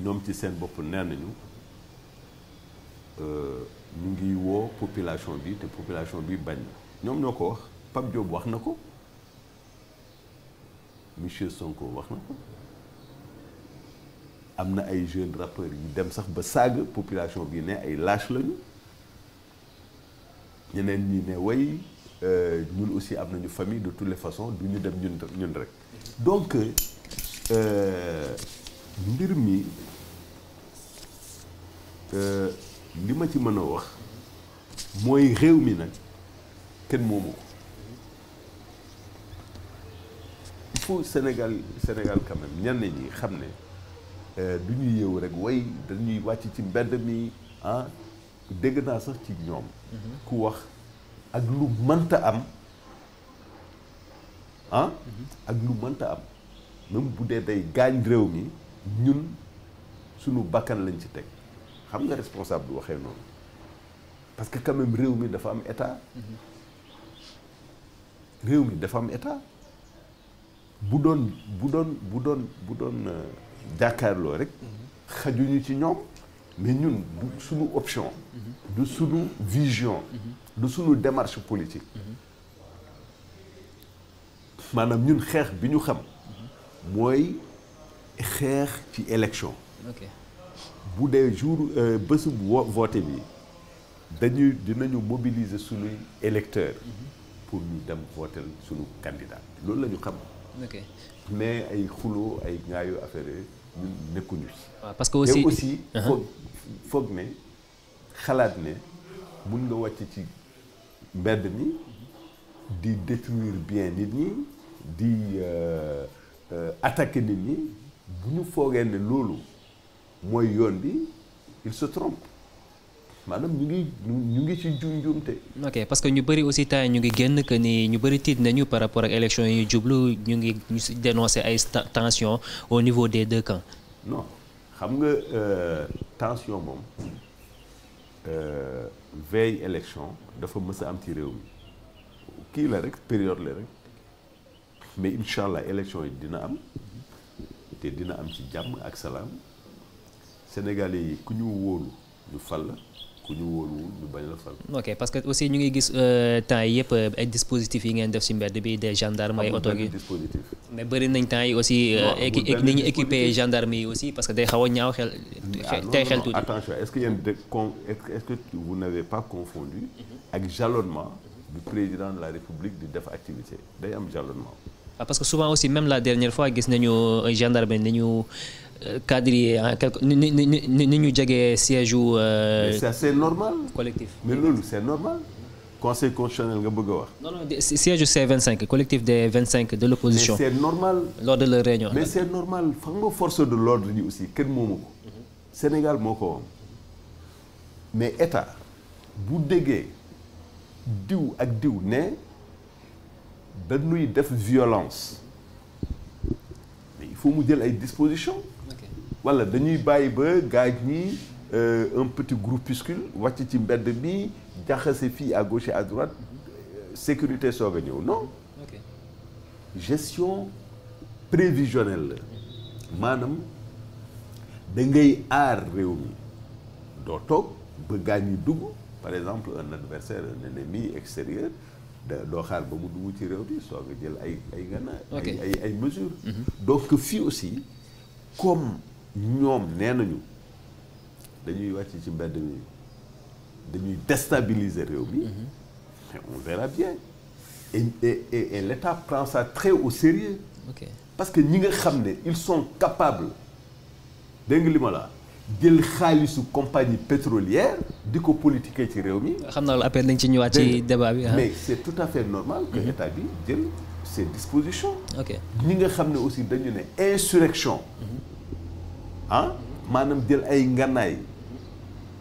ñoom ci seen bopp nee nañu euh, ñu ngi woo population bi te population bi bañ ñoom ñoo ko wax Pape Diop wax na ko monsieur Sonko wax na ko am na ay jeunes rappeurs yi dem sax ba saaga population bi ne ay lâche lañu ñeneen ñi ne way euh, ñun aussi am nañu famille de toutes les façons du ñu dem ñun ñun rek donc euh, mbir mi euh, li ma ci mën a wax mooy réew mi nag kenn moomu ko il Sénégal Sénégal quand même ñenn ñi xam ne du ñu yeewu rek way dañuy wàcc ci mbedd mi ah dégg naa sax ci ñoom mhm. ku wax ak lu mënta am ah. mhm. ak lu mënta am même bu dee day gaañ réew mi ñun suñu bakkan lañ ci teg xam nga responsable waxee noonu parce que quand même réew mi dafa am état mhm. réew mi dafa am état bu doon bu doon bu doon bu doon euh, jàkkaarloo rek xajuñu ci ñoom mais ñun du suñu option mm-hmm. du suñu vision mm-hmm. du suñu démarche politique mm-hmm. maanaam ñun xeex bi ñu xam mooy xeex ci élection bu dee jour euh, bésu vote bi dañuy dinañu mobiliser suñuy électeurs pour ñu dem voter suñu candidat loolu la ñu xam mais ay xuloo ay ñaayu affaire ñun nekkuñu ci parce que aussi aussi uh-huh. foog ne xalaat ne mun nga wàcc ci mbedd mi di détruire bien nit ñi di euh, euh, attaquer nit ñi bu ñu foogee ne loolu mooy yoon bi il se trompe maanaam ñu ngi ñu ngi ci njuumte. ok parce que ñu bëri aussi temps ñu ngi génn que ni ñu bëri tiit nañu par rapport ak élection yi ñu jublu ñu ngi ñu dénoncer ay tension au niveau des de camps. xam nga euh, tension moom euh, veille élection dafa mës a am ci réew mi kii la rek période la rek mais incha allah élection yi dina am te dina am ci jàmm ak salaam sénégalais yi ku ñu wóolu ñu fal la ku ñu wóoluwul ñu bañ la fal. ok parce que aussi ñu ngi gis euh, temps yi yëpp euh, ay dispositifs yi ngeen def ci mbedd bi des gendarmes ay oto gi mais bëri nañ temps yi aussi. Euh, ni ñu équipé gendarmes yi aussi parce que day xaw a ñaaw xel. Ah, tey xel tuuti attention est-ce que yéen de con est-ce que vous n'avez pas confondu. ak jalonnement. du président de la République di def activité day am jalonnement. Ah, parce que souvent aussi même la dernière fois gis nañu gendarme ni ñu. cadrier en quelque ni ni ni ni ñu jege siège u. Euh, mais c'est normal. collectif mais loolu c'est normal. conseil constitutionnel nga bëgg a wax. non non siège C25 collectif des 25 de l'opposition mais c'est normal. lors de leur réunion. mais c'est normal xam nga force de l'ordre yi aussi kenn moomu ko. moo ko mais état bu déggee diw ak diw ne dañuy def violence mais il faut mu jël ay dispositions. wala dañuy bàyyi ba gaaj ñi euh, un petit groupuscule wàcc ci mbedd bi jaxase fii à gauche et à euh, sécurité soog a ñëw non gestion prévisionnelle la maanaam da ngay aar réew mi doo toog ba gaañ yi dugg par exemple un adversaire un ennemi extérieur da doo xaar ba mu dugg ci réew mi soog a jël ay ay gànnaay ay ay mesures mhm. fii aussi comme ñoom nee nañu dañuy wàcc ci mbedd mi dañuy déstabiliser réew mi. Mhm. on verra bien. et et et, et l'État prend très au sérieux ok parce que ñi nga xam ne ils sont capables dégg nga li ma la jël xaalisu compagnie pétrolière di ko politiquer ci réew mi. xam naa la après nañ ci ñëwaat ci débat bi. Ah. mais c'est tout à fait normal. que mhm. état bi jël ses ñi nga xam ne aussi dañu ne insurrection. Mhm. ah maanaam jël ay ngànnaay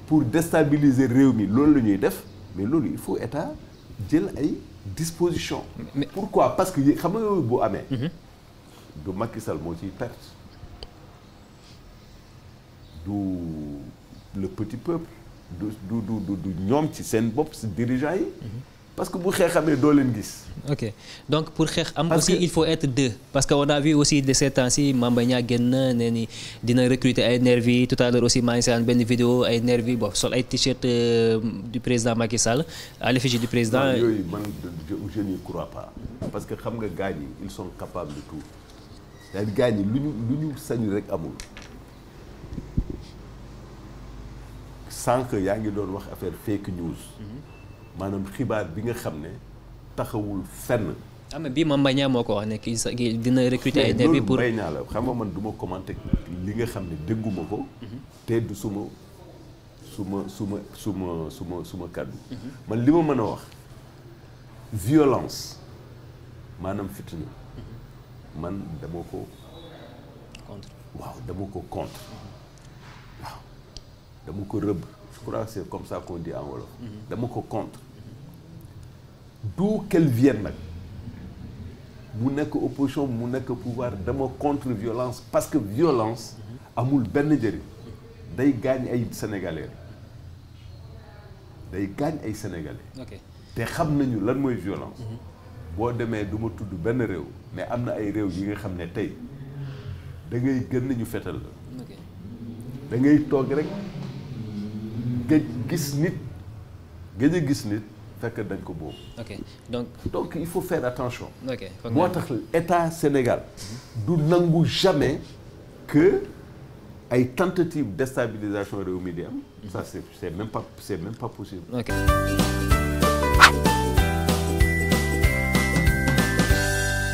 pour déstabiliser réew mi loolu la ñuy def mais loolu il faut état jël ay disposition pourquoi parce que xam nga yooyu bu amee mhm. du Macky Sall moo ciy perte du le petit peuple du du du ñoom ci seen bopp si dirigeant yi mhm. parce que bu xeex amee doo leen gis. ok donc pour xeex am. aussi que... il faut être deux. parce que on a vu aussi de set temps-ci Mame Mbaye Niang génn nee ni dina recruter ay nervi tout à l'heure aussi maa ngi seetaan benn vidéo ay nervi bon sol ay t-shirt euh, du président Macky Sall à l'effigie du président. yooyu man je n'y crois parce que xam nga gars yi ils sont capables de tout cest lu ñu lu ñu sañ rek amul. sans que yaa ngi doon wax affaire fake news. Mm-hmm. maanaam xibaar bi nga xam ne taxawul fenn. am na bii ma Mbaye moo ko wax ne kii sax dina recruter ay nervi pour Mbaye Niang la xam nga man du ma commenter li nga xam ne dégguma ko. Mhm. te du suma suma suma suma suma suma kàddu. Mhm. man li ma mën a wax violence maanaam fitna mhm. man dama ko. contre waaw dama ko contre waaw dama ko rëbb. je comme ça qu'on dit en mhm. dama ko contre d'où qu'elle vienne nag mu nekk opposition mu nekk pouvoir dama contre violence parce que violence amul benn njëriñ day gaañ ay sénégalais day gaañ ay sénégalais te xam nañu lan mooy violence mhm. boo demee du ma tudd benn réew mais am na ay réew yi nga xam ne tey da ngay gën nañu fetal la da ngay toog rek géej gis nit géej a gis nit fekk dañ ko boobu. ok donc donc il faut faire attention. moo tax état Sénégal du nangu jamais que ay tentative déstabilisation réew mi di am. ça c'est même pas possible.